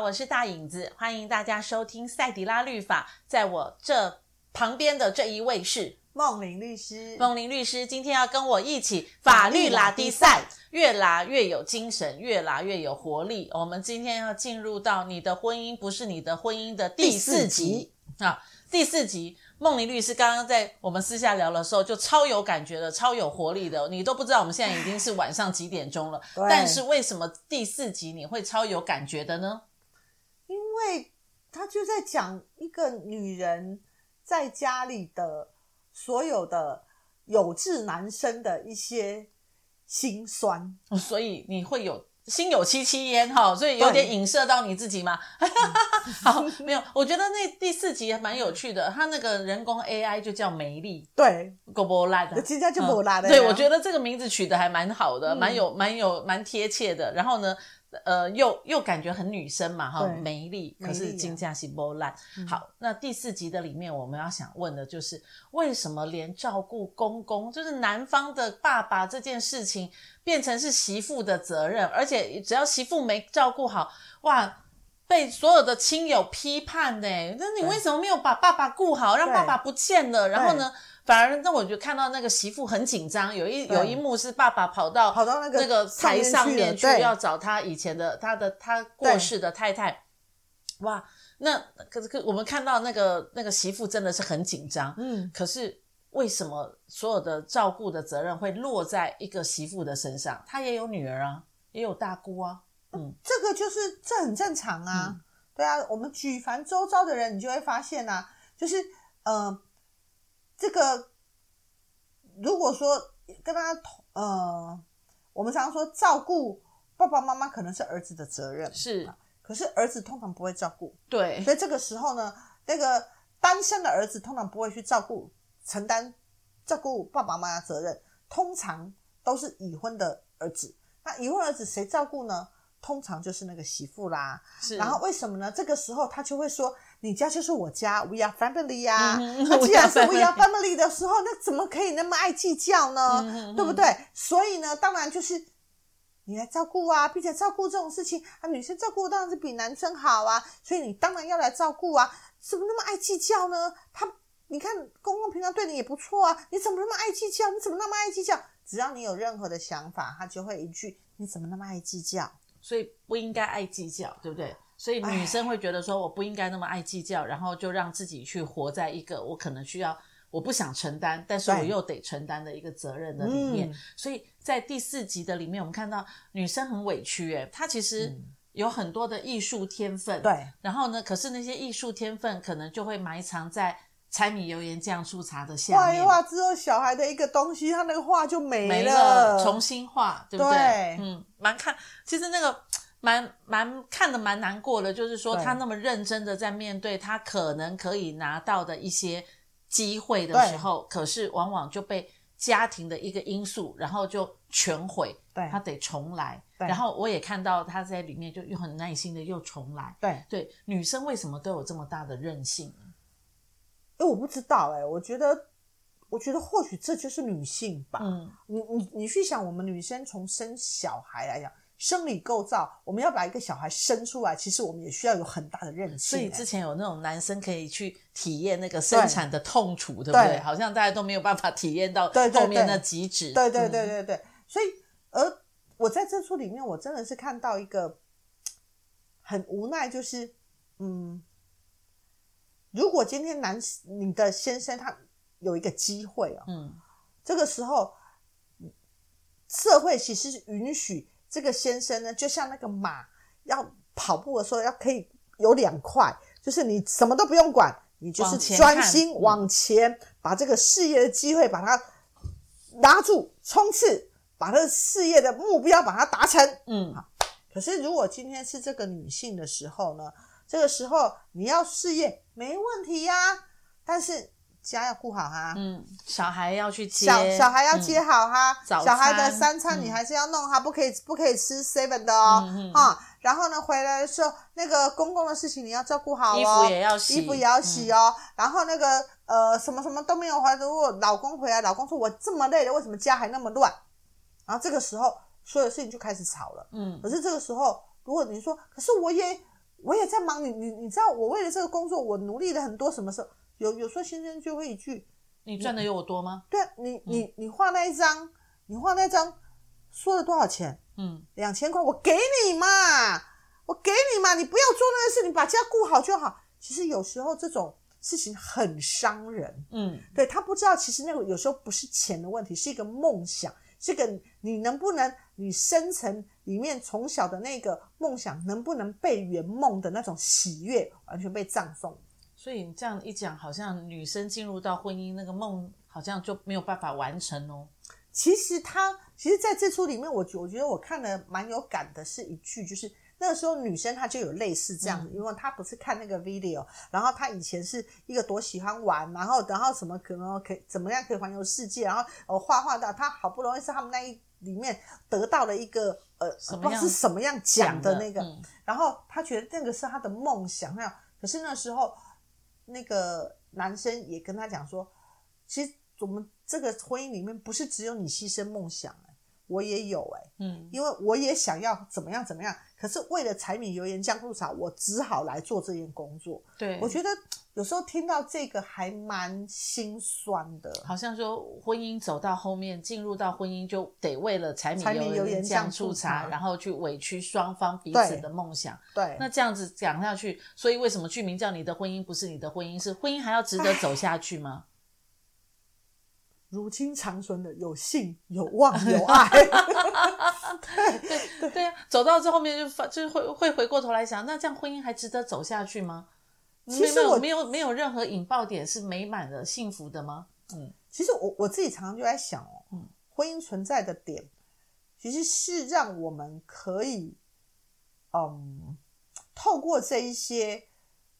我是大影子，歡迎大家收聽《賽迪拉律法》。在我這旁邊的這一位是夢玲律師。夢玲律師今天要跟我一起法律拉低賽，越拉越有精神，越拉越有活力。我們今天要進入到你的婚姻不是你的婚姻的第四集，第四集啊！第四集，夢玲律師剛剛在我們私下聊的時候，就超有感覺的，超有活力的。你都不知道我們現在已經是晚上幾點鐘了，對但是為什麼第四集你會超有感覺的呢？因為他就在講一個女人在家裡的所有的有志男生的一些心酸，所以你會有心有戚戚焉哈，所以有點影射到你自己嗎？對 好，沒有，我覺得那第四集還蠻有趣的， 他那個人工 AI 就叫梅麗，對，Gobolad，就 g 對我覺得這個名字取得還蠻好的，蠻、嗯、有蠻有蠻貼切的，然後呢？呃，又又感覺很女生嘛，哈對，美麗力。可是金價是波爛。啊、好，那第四集的裡面，我們要想問的就是，為什麼連照顧公公，就是男方的爸爸這件事情，變成是媳婦的責任？而且只要媳婦沒照顧好，哇！被所有的親友批判呢？那你為什麼沒有把爸爸顧好，讓爸爸不見了？然後呢，反而讓我就看到那個媳婦很緊張。有一對有一幕是爸爸跑到跑到那個，那個臺上面去，去要找他以前的他的他過世的太太。對哇！那可是可我們看到那個那個媳婦真的是很緊張。嗯，可是為什麼所有的照顧的責任會落在一個媳婦的身上？她也有女兒啊，也有大姑啊。嗯，這個就是，這很正常啊。嗯、對啊，我們舉凡周遭的人，你就會發現啊，就是呃，這個如果說跟他同呃，我們常常說照顧爸爸媽媽可能是兒子的責任，是、啊。可是兒子通常不會照顧，對。所以這個時候呢，那個單身的兒子通常不會去照顧，承擔照顧爸爸媽媽的責任，通常都是已婚的兒子。那已婚兒子誰照顧呢？通常就是那個媳婦啦，是然後為什麼呢？這個時候他就會說：“你家就是我家，We are family 呀、啊。嗯”那既然是 We are family, 要 family 的時候，那怎麼可以那麼愛計較呢？嗯、對不對？所以呢，當然就是你來照顧啊，並且照顧這種事情啊，女生照顧當然是比男生好啊，所以你當然要來照顧啊。怎麼那麼愛計較呢？他，你看公公平常對你也不錯啊，你怎麼那麼愛計較？你怎麼那麼愛計較？只要你有任何的想法，他就會一句：“你怎麼那麼愛計較？”所以不應該愛計較，對不對？所以女生會覺得說，我不應該那麼愛計較，唉然後就讓自己去活在一個我可能需要我不想承擔，但是我又得承擔的一個責任的裡面。對所以在第四集的裡面，我們看到女生很委屈、欸，誒她其實有很多的藝術天分，對，然後呢，可是那些藝術天分可能就會埋藏在。柴米油鹽醬醋茶的下面畫之後，哇哇只有小孩的一個東西，他那個畫就沒了，沒了，重新畫，對不對？對。嗯，蠻看，其實那個蠻蠻,蠻看的蠻難過的，就是說他那麼認真的在面對他可能可以拿到的一些機會的時候，對可是往往就被家庭的一個因素，然後就全毀，對，他得重來。對然後我也看到他在裡面就又很耐心的又重來，對對，女生為什麼都有這麼大的韌性？哎，欸、我不知道哎、欸，我覺得，我覺得或許這就是女性吧。嗯，你你你去想，我們女生從生小孩來講，生理構造，我們要把一個小孩生出來，其實我們也需要有很大的韌性，欸。所以之前有那種男生可以去體驗那個生產的痛楚，對，對不對？對，好像大家都沒有辦法體驗到後面的極致。對對對對對，對。嗯、所以，而我在這出裡面，我真的是看到一個很無奈，就是嗯。如果今天男，你的先生他有一個機會哦，嗯，這個時候社會其實允許這個先生呢，就像那個馬要跑步的時候，要可以有兩塊，就是你什麼都不用管，你就是專心往前，嗯，往前把這個事業的機會把它拉住，衝刺，把他的事業的目標把它達成，嗯，好。可是如果今天是這個女性的時候呢？這個時候你要事業沒問題呀、啊，但是家要顧好哈、啊。嗯，小孩要去接，小、小孩要接好哈、啊。嗯、小孩的三餐你還是要弄哈、嗯，不可以不可以吃 seven 的哦啊、嗯嗯。然後呢，回來的時候那個公公的事情你要照顧好哦，衣服也要洗，衣服也要洗哦。嗯、然後那個呃什麼什麼都沒有還如果老公回來，老公說，我這麼累了，為什麼家還那麼亂？然後這個時候所有事情就開始吵了。嗯，可是這個時候如果你說，可是我也。我也在忙，你你你知道我為了這個工作我努力了很多什麼時候有，有時候先生就會一句，你賺的有我多嗎？對你、嗯、你你畫那一張，你畫那張說了多少錢？嗯，兩千塊我給你嘛，我給你嘛，你不要做那個事情，你把家顧好就好。其實有時候這種事情很傷人，嗯，對，他不知道其實那個有時候不是錢的問題，是一個夢想。這個你能不能，你生成裡面從小的那個夢想，能不能被圓夢的那種喜悅，完全被葬送？所以你這樣一講，好像女生進入到婚姻，那個夢好像就沒有辦法完成哦。其實他，其實在這出裡面我，我我覺得我看了蠻有感的，是一句就是。那個時候，女生她就有類似這樣子，嗯、因為她不是看那個 video，然後她以前是一個多喜歡玩，然後然後什麼可能可以怎麼樣可以環遊世界，然後呃畫畫到，她好不容易是他們那一裡面得到了一個呃什麼不知道是什麼樣獎的那個，嗯、然後她覺得那個是她的夢想，那樣。可是那時候那個男生也跟她講說，其實我們這個婚姻裡面不是只有你犧牲夢想，啊。我也有哎、欸，嗯，因為我也想要怎麼樣怎麼樣，可是為了柴米油鹽醬醋茶，我只好來做這件工作。對，我覺得有時候聽到這個還蠻心酸的，好像說婚姻走到後面，進入到婚姻就得為了柴米油鹽醬醋、醋茶，然後去委屈雙方彼此的夢想。對，對，那這樣子講下去，所以為什麼劇名叫《你的婚姻不是你的婚姻》，是婚姻還要值得走下去嗎？如今長存的有信，有望、有愛。 對對對，對、啊，走到這後面，就發，就是會會回過頭來想，那這樣婚姻還值得走下去嗎？其實我沒有沒有，沒有任何引爆點是美滿的、幸福的嗎？嗯，其實我我自己常常就在想哦，嗯，婚姻存在的點其實是讓我們可以，嗯，透過這一些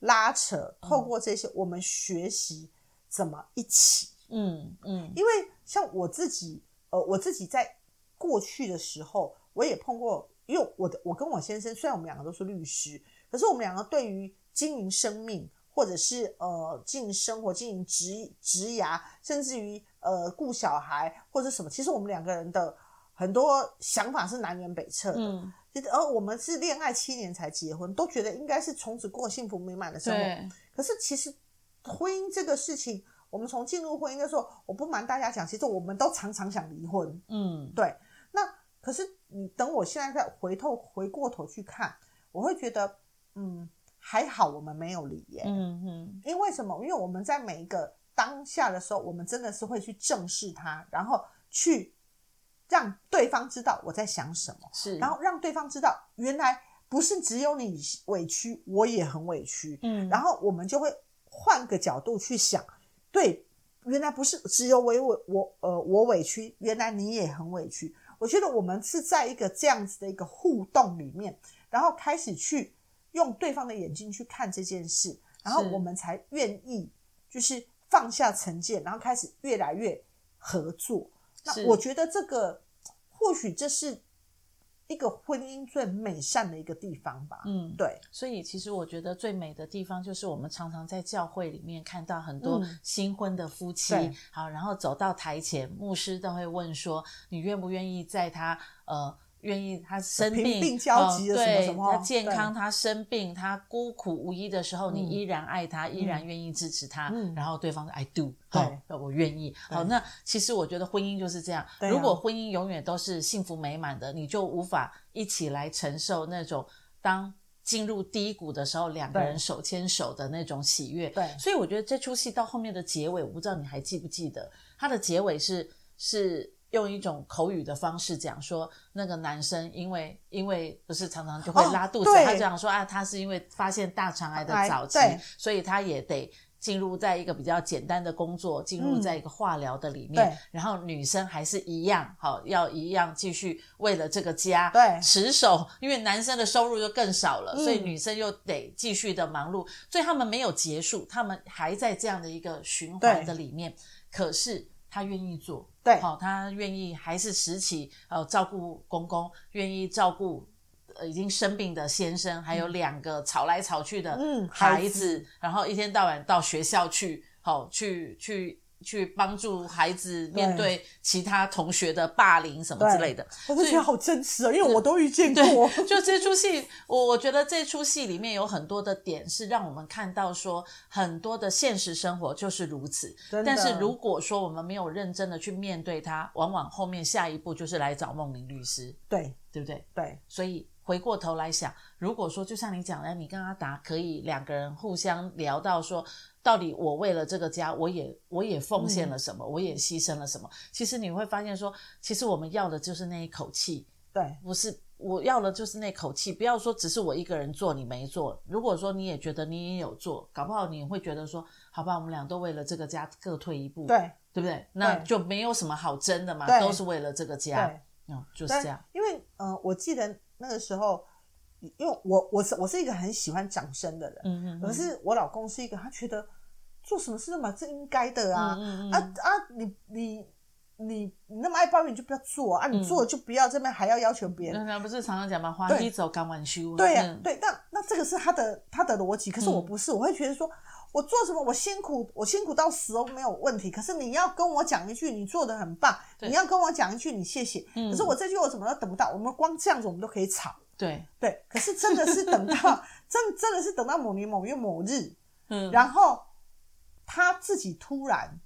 拉扯，透過這些，我們學習怎麼一起。嗯嗯嗯，嗯，因為像我自己，呃，我自己在過去的時候，我也碰過，因為我的我跟我先生，雖然我們兩個都是律師，可是我們兩個對於經營生命，或者是呃經營生活、經營職職涯，甚至於呃顧小孩或者什麼，其實我們兩個人的很多想法是南轅北轍的。其而、嗯、我們是戀愛七年才結婚，都覺得應該是從此過幸福美滿的生活。對可是，其實婚姻這個事情。我們從進入婚姻的時候，我不瞞大家講，其實我們都常常想離婚。嗯，對。那可是你等我現在再回頭回過頭去看，我會覺得，嗯，還好我們沒有離。嗯哼。因為什麼？因為我們在每一個當下的時候，我們真的是會去正視它，然後去讓對方知道我在想什麼，是。然後讓對方知道，原來不是只有你委屈，我也很委屈。嗯。然後我們就會換個角度去想。對，原來不是只有我委我呃我委屈，原來你也很委屈。我覺得我們是在一個這樣子的一個互動裡面，然後開始去用對方的眼睛去看這件事，然後我們才願意就是放下成見，然後開始越來越合作。那我覺得這個，或許這是。一個婚姻最美善的一個地方吧，嗯，對，所以其實我覺得最美的地方就是我們常常在教會裡面看到很多新婚的夫妻，嗯、好，然後走到台前，牧師都會問說：“你願不願意在他呃？”願意他生病貧病交集、哦？對，他健康，對他生病，他孤苦無依的時候，你依然愛他，嗯、依然願意支持他。嗯、然後對方說：“I do，好對、哦，我願意。對”好、哦，那其實我覺得婚姻就是這樣。啊、如果婚姻永遠都是幸福美滿的，你就無法一起來承受那種當進入低谷的時候，兩個人手牽手的那種喜悅。對，所以我覺得這出戲到後面的結尾，我不知道你還記不記得它的結尾是是。用一種口語的方式講說，那個男生因為因為不是常常就會拉肚子，oh, 對他講說啊，他是因為發現大腸癌的早期，okay, 對所以他也得進入在一個比較簡單的工作，進入在一個化療的裡面。嗯、然後女生還是一樣，好要一樣繼續為了這個家對持守，因為男生的收入就更少了，嗯、所以女生又得繼續的忙碌，所以他們沒有結束，他們還在這樣的一個循環的裡面，對可是。他願意做，對，好、哦，他願意還是拾起呃照顧公公，願意照顧呃已經生病的先生，還有兩個吵來吵去的孩子，嗯、孩子然後一天到晚到學校去，好、哦，去去。去幫助孩子面對其他同學的霸凌什麼之類的，我都覺得好真實啊！因為我都遇見過。對，就這出戲，我我覺得這出戲裡面有很多的點是讓我們看到說，很多的現實生活就是如此。的但是如果說我們沒有認真的去面對它，往往後面下一步就是來找夢玲律師，對，對不對？對，所以。回過頭來想，如果說就像你講的，你跟阿達可以兩個人互相聊到說，到底我為了這個家，我也我也奉獻了什麼，嗯、我也犧牲了什麼。其實你會發現說，其實我們要的就是那一口氣，對，不是我要的就是那口氣。不要說只是我一個人做，你沒做。如果說你也覺得你也有做，搞不好你會覺得說，好吧，我們倆都為了這個家各退一步，對，對不對？那就沒有什麼好爭的嘛，對都是為了這個家，對嗯，就是這樣。因為呃，我記得。那個時候，因為我我是我是一個很喜歡掌聲的人，可、嗯、是我老公是一個，他覺得做什麼事嘛這麼應該的啊，嗯嗯嗯啊啊，你你你你那麼愛抱怨你就不要做啊，嗯、你做了就不要這邊還要要求別人，嗯嗯嗯、他不是常常講嘛話，一走幹完對呀，對，那那這個是他的他的邏輯，可是我不是，嗯、我會覺得說。我做什麼？我辛苦，我辛苦到死都沒有問題。可是你要跟我講一句，你做得很棒；對你要跟我講一句，你謝謝。嗯、可是我這句我怎麼都等不到？我們光這樣子，我們都可以吵。對對。可是真的是等到 真的真的是等到某年某月某日，嗯、然後他自己突然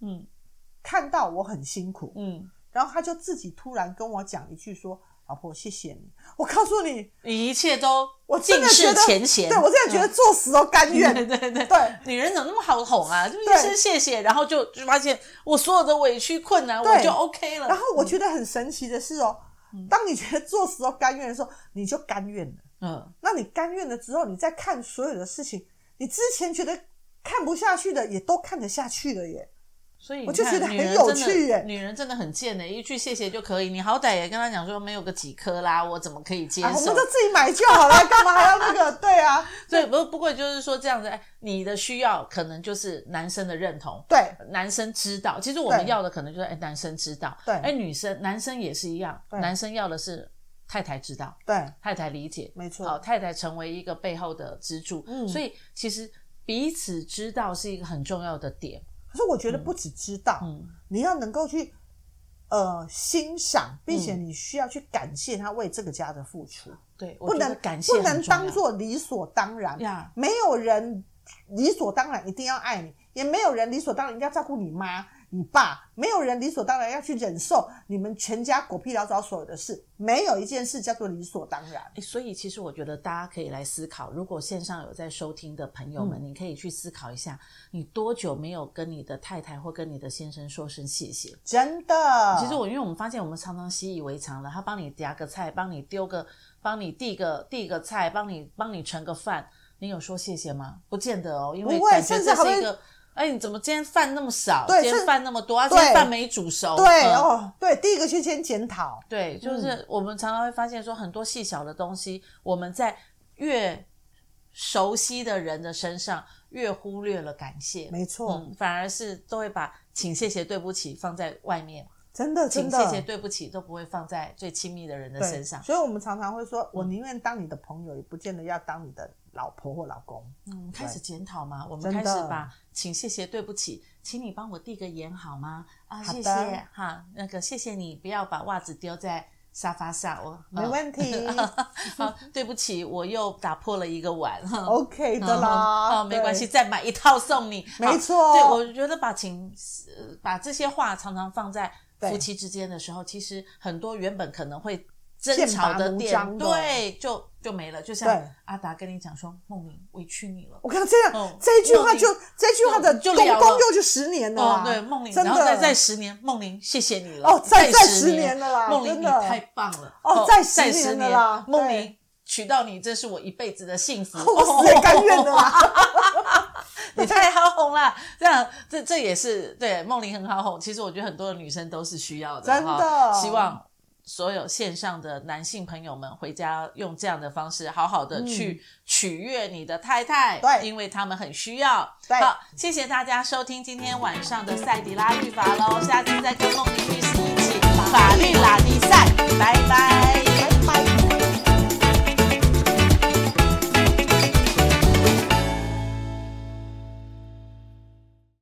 看到我很辛苦、嗯、然後他就自己突然跟我講一句說。老婆，謝謝你。我告訴你，你一切都盡釋前嫌，我真的覺得，對我真的覺得做事都甘願，嗯、 對對對，對女人怎麼那麼好哄啊？就一聲謝謝，對然後就就發現我所有的委屈、困難，對我就 OK 了。然後我覺得很神奇的是哦、喔，嗯、當你覺得做事都甘願的時候，你就甘願了。嗯，那你甘願了之後，你再看所有的事情，你之前覺得看不下去的，也都看得下去了耶。所以我就覺得女人真的女人真的很賤呢，一句謝謝就可以，你好歹也跟他講說沒有個幾顆啦，我怎麼可以接受？我們都自己買就好了，幹嘛還要那個？對啊，所以不不過就是說這樣子，哎，你的需要可能就是男生的認同，對，男生知道，其實我們要的可能就是哎，男生知道，對，哎，女生男生也是一樣，男生要的是太太知道，對，太太理解，沒錯，好，太太成為一個背後的支柱，嗯，所以其實彼此知道是一個很重要的點。可是我覺得不只知道，嗯嗯、你要能夠去，呃，欣賞，並且你需要去感謝他為這個家的付出。嗯、對，不能，我覺得感謝不能當做理所當然。當然，沒有人理所當然一定要愛你，也沒有人理所當然一定要照顧你媽。你爸，沒有人理所當然要去忍受你們全家狗屁倒灶所有的事，沒有一件事叫做理所當然。欸，所以其實我覺得大家可以來思考，如果線上有在收聽的朋友們，嗯，你可以去思考一下，你多久沒有跟你的太太或跟你的先生說聲謝謝？真的，其實我因為我們發現我們常常習以為常了，他幫你夾個菜，幫你丟個，幫你遞個你遞個菜，幫你幫你盛個飯，你有說謝謝嗎？不見得哦，因為會感覺這是一個。哎，你怎麼今天飯那麼少？對今天飯那麼多，啊，而且對飯沒煮熟。對、嗯、對哦，對，第一個去先檢討。對，就是我們常常會發現，說很多細小的東西，我們在越熟悉的人的身上越忽略了感謝。沒錯、嗯，反而是都會把請、謝謝、對不起放在外面。真的，真的，請、謝謝、對不起都不會放在最親密的人的身上。所以我們常常會說，嗯、我寧願當你的朋友，也不見得要當你的。老婆或老公，嗯，開始檢討嘛？我們開始吧，請、謝謝、對不起。請你幫我遞個鹽好嗎？啊，謝謝哈，那個謝謝你，不要把襪子丟在沙發上，哦。沒問題。好，對不起，我又打破了一個碗。OK 的啦，啊，沒關係，再買一套送你。沒錯，對，我覺得把請把這些話常常放在夫妻之間的時候，其實很多原本可能會。正常的點對，就就沒了。就像阿達跟你講說，夢玲委屈你了。我看到這樣，這句話就這句話的，就連共用就十年了。對，夢玲，然後再再十年，夢玲，謝謝你了。哦，再再十年了啦，夢玲，你太棒了。哦，再再十年了，夢玲，娶到你，這是我一輩子的幸福，我死也甘願的。你太好哄了，這樣，這這也是對夢玲很好哄。其實我覺得很多的女生都是需要的，真的希望，所有線上的男性朋友們，回家用這樣的方式，好好的去取悅你的太太，對、嗯，因為他們很需要。對好，對謝謝大家收聽今天晚上的賽底拉律法嘍，下次再跟夢妮律師一起法律拉力賽，拜拜。拜拜